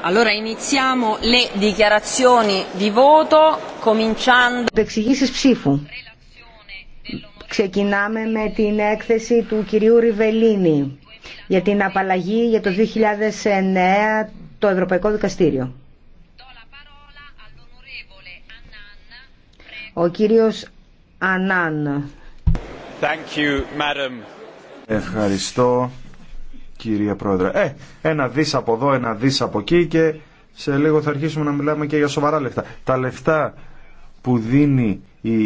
Allora iniziamo le dichiarazioni di voto cominciando Εξηγήσεις ψήφου. Ξεκινάμε με την έκθεση του κυρίου Ριβελίνη για την απαλλαγή για το 2009 το Ευρωπαϊκό Δικαστήριο. Ο κύριος Ανάν. Thank you, madam. Ευχαριστώ κυρία Πρόεδρε. Ε, ένα δί από εδώ, ένα δις από εκεί και σε λίγο θα αρχίσουμε να μιλάμε και για σοβαρά λεφτά. Τα λεφτά που δίνει η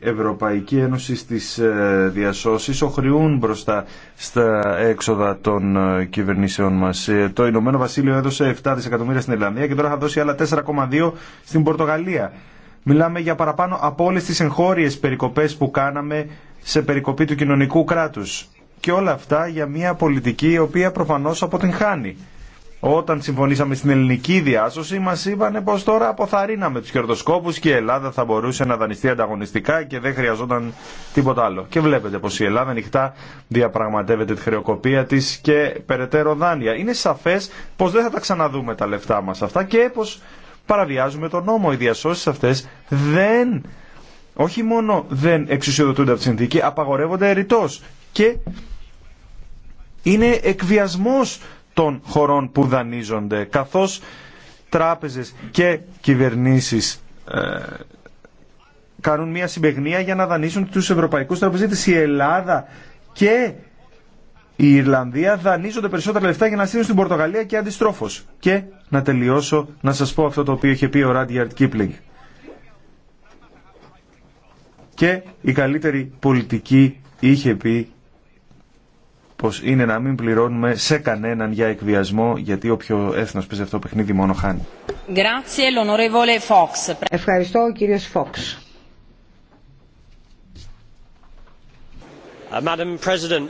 Ευρωπαϊκή Ένωση στις ε, διασώσεις οχριούν μπροστά στα έξοδα των ε, κυβερνήσεων μας. Ε, το Ηνωμένο Βασίλειο έδωσε 7 δισεκατομμύρια στην Ελλανδία και τώρα θα δώσει άλλα 4,2 στην Πορτογαλία. Μιλάμε για παραπάνω από όλες τις εγχώριες περικοπές που κάναμε σε περικοπή του κοινωνικού κράτους. Και όλα αυτά για μια πολιτική η οποία προφανώ αποτυγχάνει. Όταν συμφωνήσαμε στην ελληνική διάσωση μα είπαν πω τώρα αποθαρρύναμε του κερδοσκόπου και η Ελλάδα θα μπορούσε να δανειστεί ανταγωνιστικά και δεν χρειαζόταν τίποτα άλλο. Και βλέπετε πω η Ελλάδα ανοιχτά διαπραγματεύεται τη χρεοκοπία τη και περαιτέρω δάνεια. Είναι σαφέ πω δεν θα τα ξαναδούμε τα λεφτά μα αυτά και πως παραβιάζουμε τον νόμο. Οι διασώσει αυτέ δεν, όχι μόνο δεν εξουσιοδοτούνται από τη συνθήκη, απαγορεύονται ρητό. και είναι εκβιασμός των χωρών που δανείζονται, καθώς τράπεζες και κυβερνήσεις ε, κάνουν μια συμπεγνία για να δανείσουν τους ευρωπαϊκούς τραπεζίτες. Η Ελλάδα και η Ιρλανδία δανείζονται περισσότερα λεφτά για να στείλουν στην Πορτογαλία και αντιστρόφως. Και να τελειώσω να σας πω αυτό το οποίο είχε πει ο Ράντιαρτ Κίπλινγκ. Και η καλύτερη πολιτική είχε πει πως είναι να μην πληρώνουμε σε κανέναν για εκβιασμό, γιατί όποιο έθνος παίζει αυτό το παιχνίδι μόνο χάνει. Ευχαριστώ ο Φόξ. Uh,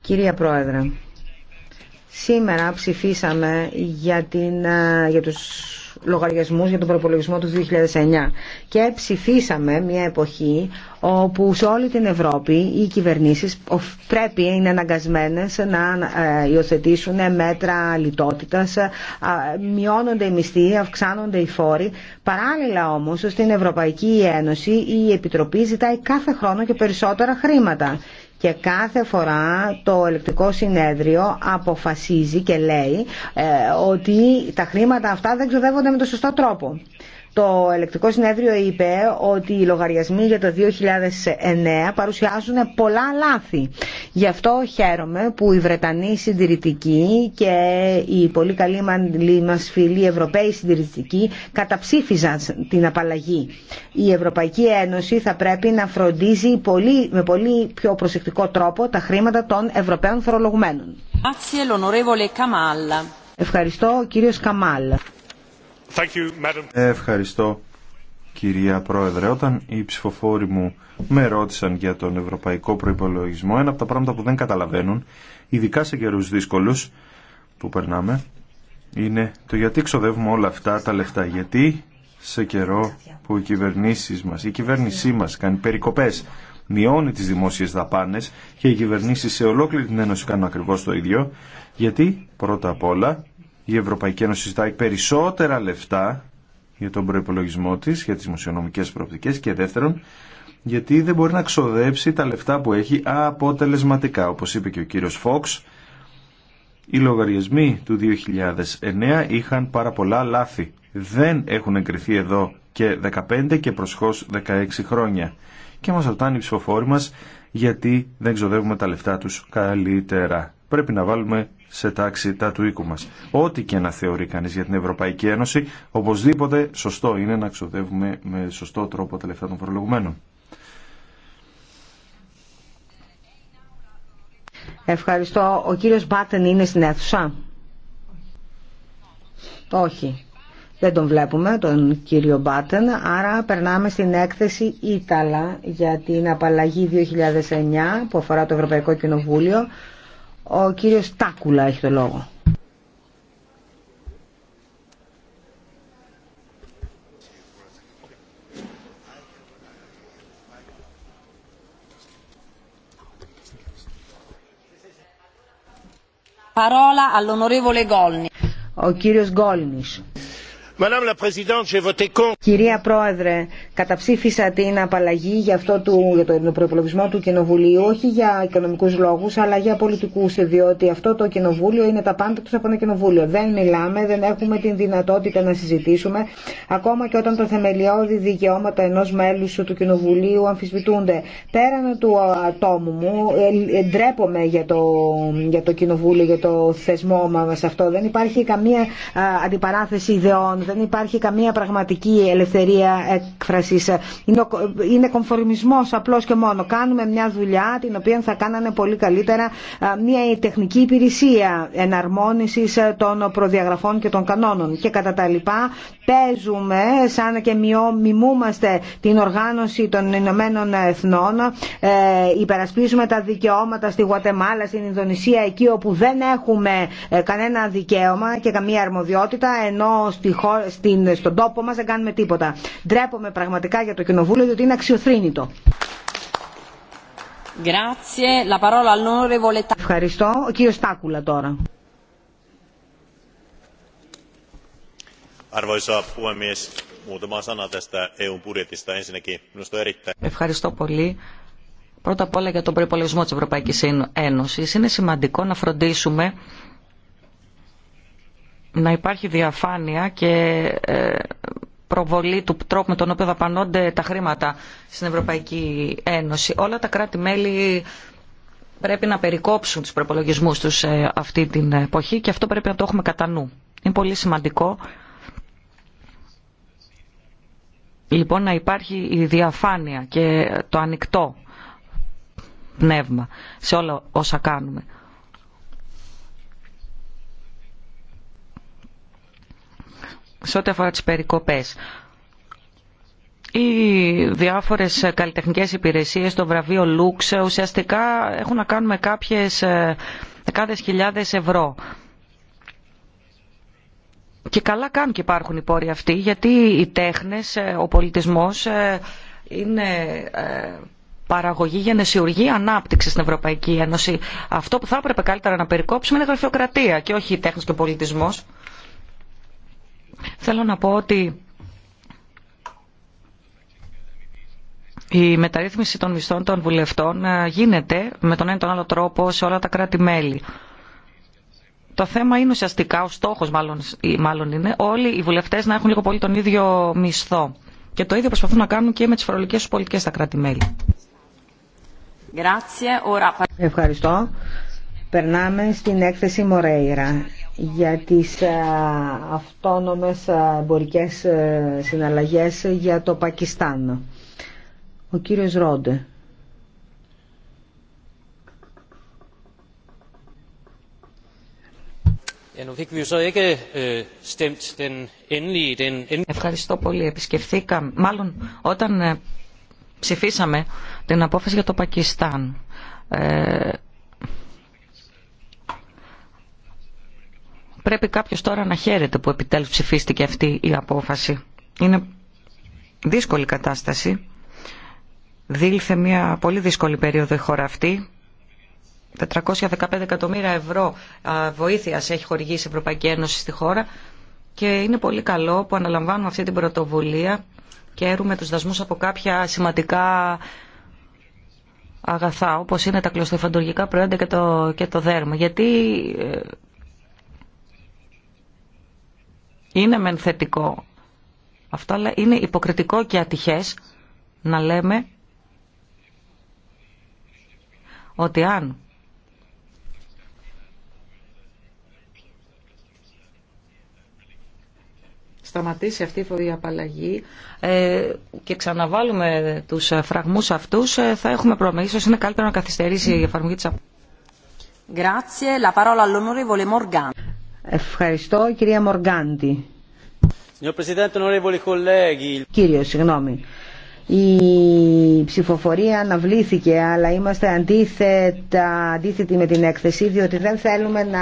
Κυρία Πρόεδρε, σήμερα ψηφίσαμε για, την, uh, για τους λογαριασμούς για τον προπολογισμό του 2009 και ψηφίσαμε μια εποχή όπου σε όλη την Ευρώπη οι κυβερνήσεις πρέπει είναι αναγκασμένες να ε, υιοθετήσουν μέτρα λιτότητας, ε, μειώνονται οι μισθοί, αυξάνονται οι φόροι. Παράλληλα όμως στην Ευρωπαϊκή Ένωση η Επιτροπή ζητάει κάθε χρόνο και περισσότερα χρήματα. Και κάθε φορά το ελεκτικό συνέδριο αποφασίζει και λέει ε, ότι τα χρήματα αυτά δεν ξοδεύονται με τον σωστό τρόπο. Το ελεκτικό συνέδριο είπε ότι οι λογαριασμοί για το 2009 παρουσιάζουν πολλά λάθη. Γι' αυτό χαίρομαι που οι Βρετανοί συντηρητικοί και οι πολύ καλοί μας φίλοι Ευρωπαίοι συντηρητικοί καταψήφιζαν την απαλλαγή. Η Ευρωπαϊκή Ένωση θα πρέπει να φροντίζει πολύ, με πολύ πιο προσεκτικό τρόπο τα χρήματα των Ευρωπαίων φορολογουμένων. Ευχαριστώ κύριος Καμάλ. Ευχαριστώ κυρία Πρόεδρε. Όταν οι ψηφοφόροι μου με ρώτησαν για τον ευρωπαϊκό προϋπολογισμό, ένα από τα πράγματα που δεν καταλαβαίνουν, ειδικά σε καιρούς δύσκολους που περνάμε, είναι το γιατί ξοδεύουμε όλα αυτά τα λεφτά. Γιατί σε καιρό που οι κυβερνήσεις μας, η κυβέρνησή μας κάνει περικοπές, μειώνει τις δημόσιες δαπάνες και οι κυβερνήσεις σε ολόκληρη την Ένωση κάνουν ακριβώς το ίδιο, γιατί πρώτα απ' όλα η Ευρωπαϊκή Ένωση ζητάει περισσότερα λεφτά για τον προπολογισμό της, για τις μουσιονομικές προοπτικές και δεύτερον, γιατί δεν μπορεί να ξοδέψει τα λεφτά που έχει αποτελεσματικά. Όπως είπε και ο κύριος Φόξ, οι λογαριασμοί του 2009 είχαν πάρα πολλά λάθη. Δεν έχουν εγκριθεί εδώ και 15 και προσχώς 16 χρόνια. Και μας ρωτάνε οι ψηφοφόροι μας γιατί δεν ξοδεύουμε τα λεφτά τους καλύτερα πρέπει να βάλουμε σε τάξη τα του οίκου μας. Ό,τι και να θεωρεί κανείς για την Ευρωπαϊκή Ένωση, οπωσδήποτε σωστό είναι να ξοδεύουμε με σωστό τρόπο τα λεφτά των προλογουμένων. Ευχαριστώ. Ο κύριος Μπάτεν είναι στην αίθουσα. Όχι. Δεν τον βλέπουμε, τον κύριο Μπάτεν, άρα περνάμε στην έκθεση Ήταλα για την απαλλαγή 2009 που αφορά το Ευρωπαϊκό Κοινοβούλιο. Ο κύριος Τάκουλα έχει το λόγο. Parola all'onorevole Golni. O Kyrios Golnis. Κυρία Πρόεδρε, καταψήφισα την απαλλαγή για, αυτό του, για του Κοινοβουλίου, όχι για οικονομικού λόγου, αλλά για πολιτικού, διότι αυτό το Κοινοβούλιο είναι τα πάντα του από ένα Κοινοβούλιο. Δεν μιλάμε, δεν έχουμε την δυνατότητα να συζητήσουμε, ακόμα και όταν τα θεμελιώδη δικαιώματα ενό μέλου του Κοινοβουλίου αμφισβητούνται. Πέραν του ατόμου μου, ε, ε, ντρέπομαι για το, για το Κοινοβούλιο, για το θεσμό μα αυτό. Δεν υπάρχει καμία αντιπαράθεση ιδεών δεν υπάρχει καμία πραγματική ελευθερία έκφρασης. Είναι κομφορμισμό απλώς και μόνο. Κάνουμε μια δουλειά την οποία θα κάνανε πολύ καλύτερα μια τεχνική υπηρεσία εναρμόνιση ε, των προδιαγραφών και των κανόνων. Και κατά τα λοιπά παίζουμε σαν και μιμούμαστε την οργάνωση των Ηνωμένων Εθνών, ε, υπερασπίζουμε τα δικαιώματα στη Γουατεμάλα, στην Ινδονησία, εκεί όπου δεν έχουμε ε, κανένα δικαίωμα και καμία αρμοδιότητα, ενώ στη χώρα στην, στον τόπο μας δεν κάνουμε τίποτα. Ντρέπομαι πραγματικά για το Κοινοβούλιο διότι είναι αξιοθρύνητο. Ευχαριστώ. Ο κύριος Στάκουλα τώρα. Ευχαριστώ πολύ. Πρώτα απ' όλα για τον προπολογισμό της Ευρωπαϊκής Ένωσης. Είναι σημαντικό να φροντίσουμε να υπάρχει διαφάνεια και ε, προβολή του τρόπου με τον οποίο δαπανώνται τα χρήματα στην Ευρωπαϊκή Ένωση. Όλα τα κράτη-μέλη πρέπει να περικόψουν τους προπολογισμούς τους αυτή την εποχή και αυτό πρέπει να το έχουμε κατά νου. Είναι πολύ σημαντικό λοιπόν να υπάρχει η διαφάνεια και το ανοιχτό πνεύμα σε όλα όσα κάνουμε. σε ό,τι αφορά τις περικοπές. Οι διάφορες καλλιτεχνικές υπηρεσίες, το βραβείο Λούξ, ουσιαστικά έχουν να κάνουν με κάποιες ε, δεκάδες χιλιάδες ευρώ. Και καλά κάνουν και υπάρχουν οι πόροι αυτοί, γιατί οι τέχνες, ε, ο πολιτισμός ε, είναι παραγωγή, για νεσιουργή ανάπτυξη στην Ευρωπαϊκή Ένωση. Αυτό που θα έπρεπε καλύτερα να περικόψουμε είναι η γραφειοκρατία και όχι η τέχνης και ο πολιτισμός. Θέλω να πω ότι Η μεταρρύθμιση των μισθών των βουλευτών ε, γίνεται με τον ένα ή τον άλλο τρόπο σε όλα τα κράτη-μέλη. Το θέμα είναι ουσιαστικά, ο στόχος μάλλον, ε, μάλλον είναι, όλοι οι βουλευτές να έχουν λίγο πολύ τον ίδιο μισθό. Και το ίδιο προσπαθούν να κάνουν και με τις φορολογικές τους πολιτικές στα κράτη-μέλη. Ευχαριστώ. Περνάμε στην έκθεση Μορέιρα για τις ε, αυτόνομες ε, εμπορικές ε, συναλλαγές για το Πακιστάν. Ο κύριος Ρόντε. Øh, Ευχαριστώ πολύ. Επισκεφθήκαμε, μάλλον όταν ψηφίσαμε την απόφαση για το Πακιστάν. Πρέπει κάποιος τώρα να χαίρεται που επιτέλους ψηφίστηκε αυτή η απόφαση. Είναι δύσκολη κατάσταση. Δήλθε μια πολύ δύσκολη περίοδο η χώρα αυτή. 415 εκατομμύρια ευρώ βοήθεια έχει χορηγήσει η Ευρωπαϊκή Ένωση στη χώρα και είναι πολύ καλό που αναλαμβάνουμε αυτή την πρωτοβουλία και έρουμε τους δασμούς από κάποια σημαντικά αγαθά όπως είναι τα κλωστοφαντουργικά προϊόντα και το, και το δέρμα γιατί ε, είναι μεν θετικό αυτό, αλλά είναι υποκριτικό και ατυχές να λέμε ότι αν σταματήσει αυτή η απαλλαγή ε, και ξαναβάλουμε τους ε, φραγμούς αυτούς, ε, θα έχουμε πρόβλημα. Ίσως είναι καλύτερο να καθυστερήσει η εφαρμογή της απαλλαγής. Ευχαριστώ κυρία Μοργάντη. Κύριε, συγγνώμη η ψηφοφορία αναβλήθηκε αλλά είμαστε αντίθετα, αντίθετοι με την έκθεση διότι δεν θέλουμε να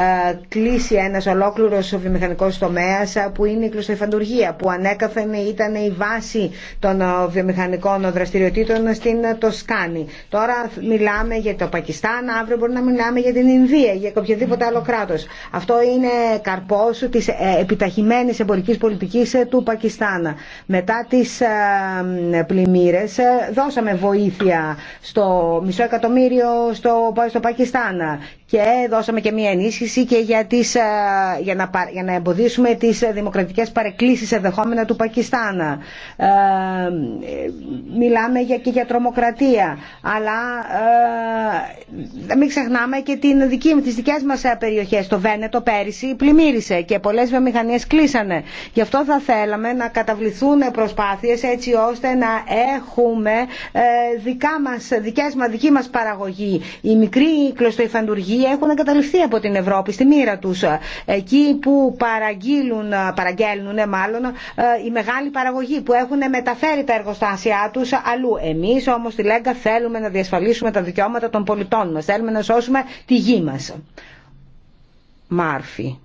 ε, κλείσει ένας ολόκληρος βιομηχανικός τομέας ε, που είναι η κλωστοϊφαντουργία που ανέκαθεν ήταν η βάση των ε, βιομηχανικών δραστηριοτήτων στην Τοσκάνη. Τώρα μιλάμε για το Πακιστάν, αύριο μπορεί να μιλάμε για την Ινδία, για οποιοδήποτε άλλο κράτος. Αυτό είναι καρπός της επιταχυμένης εμπορικής πολιτικής του Πακιστάν. Μετά τις πλημμύρες ε, δώσαμε βοήθεια στο μισό εκατομμύριο στο, στο Πακιστάν και δώσαμε και μία ενίσχυση και για, ε, για, να, για να εμποδίσουμε τις δημοκρατικές παρεκκλήσεις ενδεχόμενα του Πακιστάν. Ε, μιλάμε για, και για τρομοκρατία, αλλά ε, μην ξεχνάμε και την δική, τις δικές μας ε, περιοχές. Το Βένετο πέρυσι πλημμύρισε και πολλές βιομηχανίες κλείσανε. Γι' αυτό θα θέλαμε να καταβληθούν προσπάθειες έτσι ώστε να έχουμε ε, δικά μας, δικές, δική μας παραγωγή. Η μικρή κλωστοϊφαντουργία οποίοι έχουν εγκαταλειφθεί από την Ευρώπη στη μοίρα τους. Εκεί που παραγγείλουν, παραγγέλνουν μάλλον η ε, μεγάλη παραγωγή που έχουν μεταφέρει τα εργοστάσια τους αλλού. Εμείς όμως στη Λέγκα θέλουμε να διασφαλίσουμε τα δικαιώματα των πολιτών μας. Θέλουμε να σώσουμε τη γη μα. Μάρφη.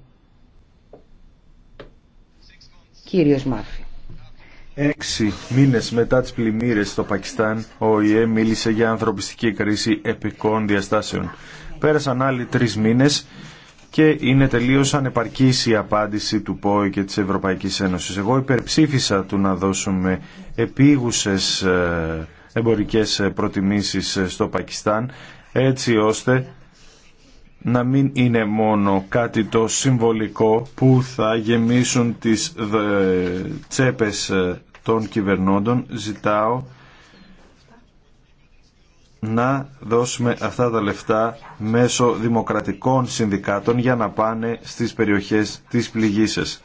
Κύριος Μάρφη. Έξι μήνες μετά τις πλημμύρες στο Πακιστάν, ο ΙΕ μίλησε για ανθρωπιστική κρίση επικών διαστάσεων. Πέρασαν άλλοι τρεις μήνες και είναι τελείως ανεπαρκής η απάντηση του ΠΟΕ και της Ευρωπαϊκής Ένωσης. Εγώ υπερψήφισα του να δώσουμε επίγουσες ε, εμπορικές ε, προτιμήσεις ε, στο Πακιστάν, έτσι ώστε να μην είναι μόνο κάτι το συμβολικό που θα γεμίσουν τις ε, τσέπες ε, των κυβερνώντων. Ζητάω να δώσουμε αυτά τα λεφτά μέσω δημοκρατικών συνδικάτων για να πάνε στις περιοχές της πληγής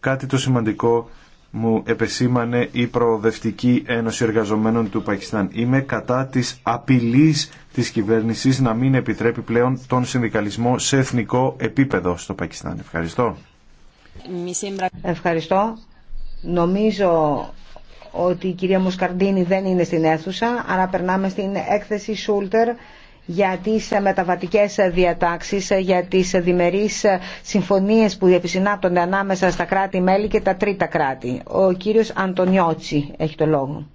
Κάτι το σημαντικό μου επεσήμανε η Προοδευτική Ένωση Εργαζομένων του Πακιστάν. Είμαι κατά της απειλής της κυβέρνησης να μην επιτρέπει πλέον τον συνδικαλισμό σε εθνικό επίπεδο στο Πακιστάν. Ευχαριστώ. Ευχαριστώ. Νομίζω ότι η κυρία Μουσκαρντίνη δεν είναι στην αίθουσα, άρα περνάμε στην έκθεση Σούλτερ για τις μεταβατικές διατάξεις, για τις διμερείς συμφωνίες που επισυνάπτονται ανάμεσα στα κράτη-μέλη και τα τρίτα κράτη. Ο κύριος Αντωνιώτσι έχει το λόγο.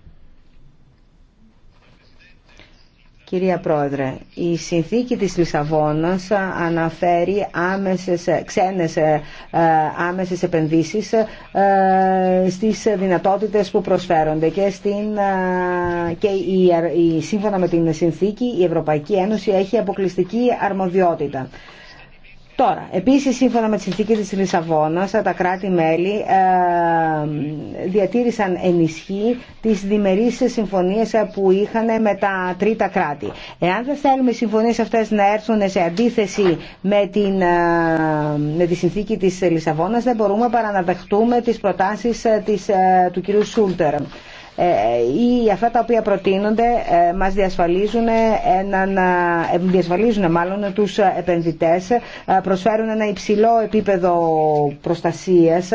Κυρία Πρόεδρε, η συνθήκη της Λισαβόνας αναφέρει άμεσες, ξένες ε, άμεσες επενδύσεις ε, στις δυνατότητες που προσφέρονται και, στην, ε, και η, σύμφωνα με την συνθήκη η Ευρωπαϊκή Ένωση έχει αποκλειστική αρμοδιότητα. Τώρα, επίσης σύμφωνα με τη συνθήκη της Λισαβόνας, τα κράτη-μέλη ε, διατήρησαν ενισχύ τι διμερείς συμφωνίε που είχαν με τα τρίτα κράτη. Εάν δεν θέλουμε οι συμφωνίες αυτές να έρθουν σε αντίθεση με, την, ε, με τη συνθήκη της Λισαβόνας, δεν μπορούμε παρά να δεχτούμε τις προτάσεις ε, του κ. Σούλτερ. Ε, ε, ή αυτά τα οποία προτείνονται ε, μας διασφαλίζουν, έναν, διασφαλίζουν μάλλον τους επενδυτές, προσφέρουν ένα υψηλό επίπεδο προστασίας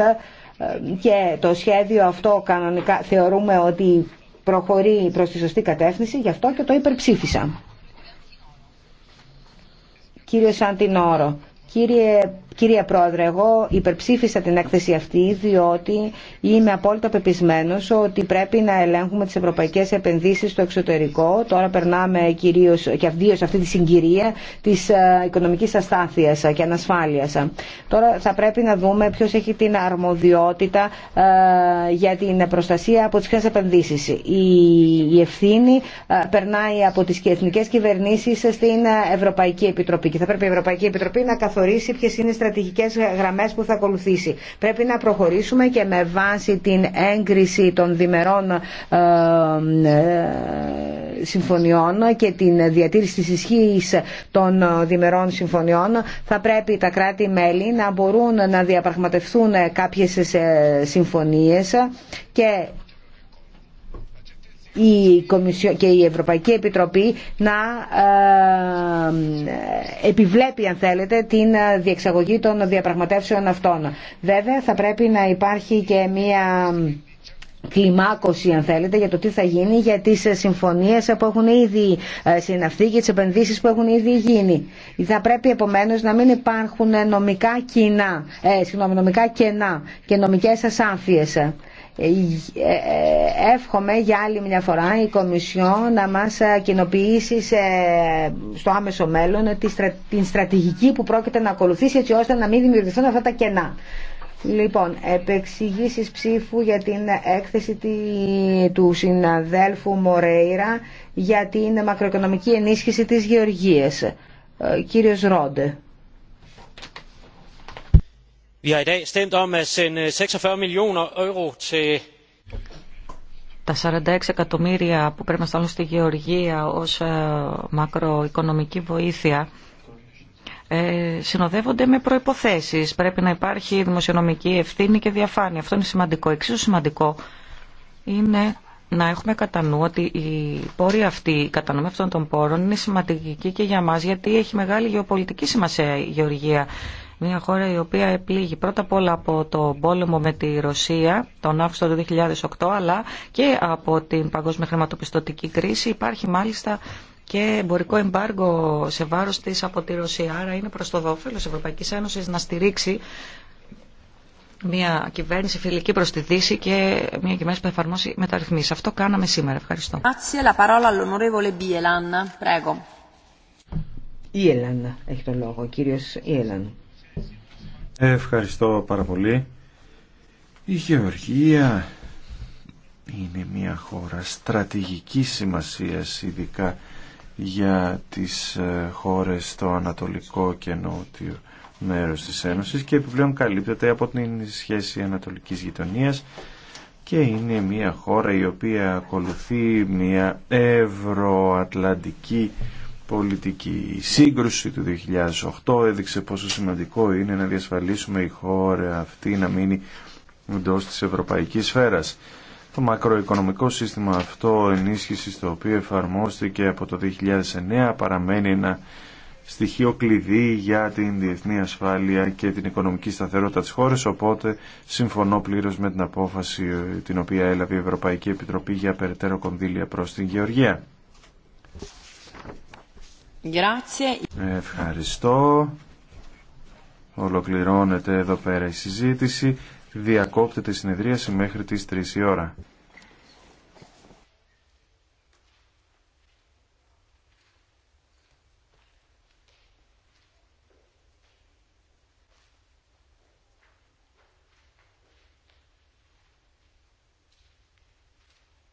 και το σχέδιο αυτό κανονικά θεωρούμε ότι προχωρεί προς τη σωστή κατεύθυνση, γι' αυτό και το υπερψήφισα. Κύριε Σαντινόρο, Κύριε, κύριε Πρόεδρε, εγώ υπερψήφισα την έκθεση αυτή διότι είμαι απόλυτα πεπισμένο ότι πρέπει να ελέγχουμε τι ευρωπαϊκέ επενδύσει στο εξωτερικό. Τώρα περνάμε κυρίω και αυδίω αυτή τη συγκυρία τη ε, οικονομική αστάθεια και ανασφάλεια. Τώρα θα πρέπει να δούμε ποιο έχει την αρμοδιότητα ε, για την προστασία από τι ποιε επενδύσει. Η ευθύνη ε, περνάει από τι εθνικέ κυβερνήσει στην Ευρωπαϊκή Επιτροπή και θα πρέπει η Ευρωπαϊκή Επιτροπή να καθορίσει προχωρήσει, ποιες είναι οι στρατηγικές γραμμές που θα ακολουθήσει. Πρέπει να προχωρήσουμε και με βάση την έγκριση των διμερών ε, ε, συμφωνιών και την διατήρηση της ισχύη των διμερών συμφωνιών θα πρέπει τα κράτη-μέλη να μπορούν να διαπραγματευτούν κάποιε ε, συμφωνίες και η Κομισιο... και η Ευρωπαϊκή Επιτροπή να ε, επιβλέπει αν θέλετε την διεξαγωγή των διαπραγματεύσεων αυτών. Βέβαια θα πρέπει να υπάρχει και μία κλιμάκωση αν θέλετε για το τι θα γίνει για τις συμφωνίες που έχουν ήδη ε, συναυθεί και τις επενδύσεις που έχουν ήδη γίνει. Θα πρέπει επομένως να μην υπάρχουν νομικά, κοινά, ε, νομικά κενά και νομικές ασάφειες. Ε, ε, ε, εύχομαι για άλλη μια φορά η Κομισιό να μας κοινοποιήσει στο άμεσο μέλλον την στρατηγική που πρόκειται να ακολουθήσει έτσι ώστε να μην δημιουργηθούν αυτά τα κενά. Λοιπόν, επεξηγήσεις ψήφου για την έκθεση του συναδέλφου Μορέιρα για την μακροοικονομική ενίσχυση της Γεωργίας. Κύριος Ρόντε. Vi har stemt om euro τα 46 εκατομμύρια που πρέπει να σταλούν στη Γεωργία ως ε, μακροοικονομική βοήθεια ε, συνοδεύονται με προϋποθέσεις. Πρέπει να υπάρχει δημοσιονομική ευθύνη και διαφάνεια. Αυτό είναι σημαντικό. Εξίσου σημαντικό είναι να έχουμε κατά νου ότι η πόρη αυτή, η κατανομή αυτών των πόρων είναι σημαντική και για μας γιατί έχει μεγάλη γεωπολιτική σημασία η Γεωργία μια χώρα η οποία επλήγει πρώτα απ' όλα από το πόλεμο με τη Ρωσία τον Αύγουστο του 2008 αλλά και από την παγκόσμια χρηματοπιστωτική κρίση υπάρχει μάλιστα και εμπορικό εμπάργκο σε βάρος της από τη Ρωσία. Άρα είναι προς το δόφελος Ευρωπαϊκής Ένωσης να στηρίξει μια κυβέρνηση φιλική προ τη Δύση και μια κυβέρνηση που εφαρμόσει μεταρρυθμίσει. Αυτό κάναμε σήμερα. Ευχαριστώ. Η έχει λόγο. κύριος Ευχαριστώ πάρα πολύ. Η Γεωργία είναι μια χώρα στρατηγικής σημασίας, ειδικά για τις ε, χώρες στο Ανατολικό και Νότιο μέρος της Ένωσης και επιπλέον καλύπτεται από την σχέση Ανατολικής Γειτονίας και είναι μια χώρα η οποία ακολουθεί μια ευρωατλαντική πολιτική σύγκρουση του 2008 έδειξε πόσο σημαντικό είναι να διασφαλίσουμε η χώρα αυτή να μείνει εντό της ευρωπαϊκής σφαίρας. Το μακροοικονομικό σύστημα αυτό ενίσχυση, το οποίο εφαρμόστηκε από το 2009 παραμένει ένα στοιχείο κλειδί για την διεθνή ασφάλεια και την οικονομική σταθερότητα της χώρας, οπότε συμφωνώ πλήρως με την απόφαση την οποία έλαβε η Ευρωπαϊκή Επιτροπή για περαιτέρω κονδύλια προς την Γεωργία. Ευχαριστώ. Ολοκληρώνεται εδώ πέρα η συζήτηση. Διακόπτεται η συνεδρίαση μέχρι τις 3 η ώρα.